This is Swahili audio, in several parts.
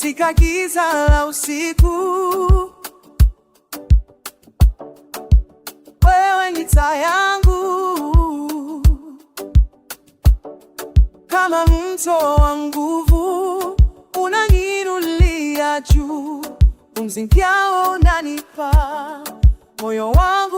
katika giza la usiku, wewe ni taa yangu, kama mto wa nguvu unaniinulia juu, umzingiao unanipa moyo wangu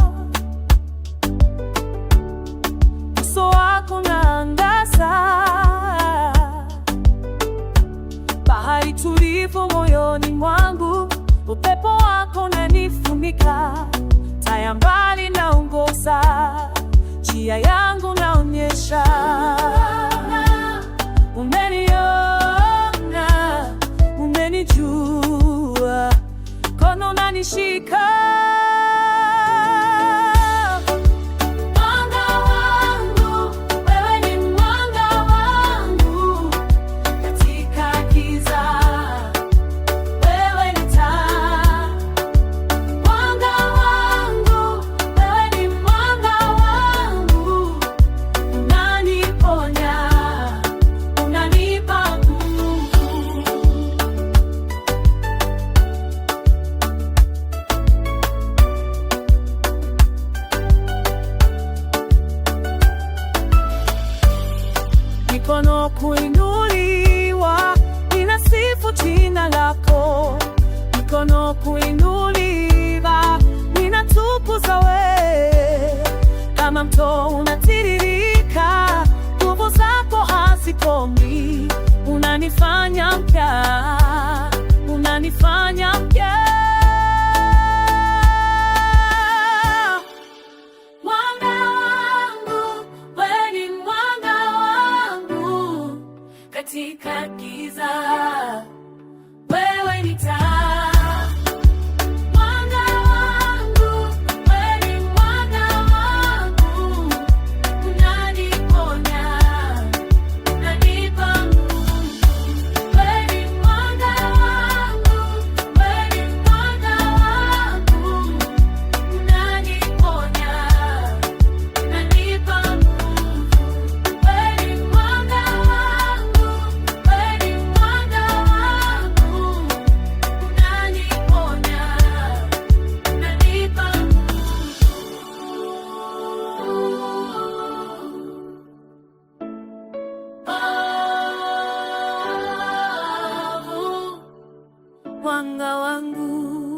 uso wako na angaza, bahari tulivu moyoni mwangu, upepo wako nanifunika, taya mbali na njia yangu naonyesha, umeniona, umenijua, kono kuinuliwa, ninasifu jina lako. Mikono kuinuliwa, ninatukuza wewe. Kama mto unatiririka, nguvu zako hazikomi. Unanifanya mpya, unanifanya mpya katika giza, wewe ni taa wanga wangu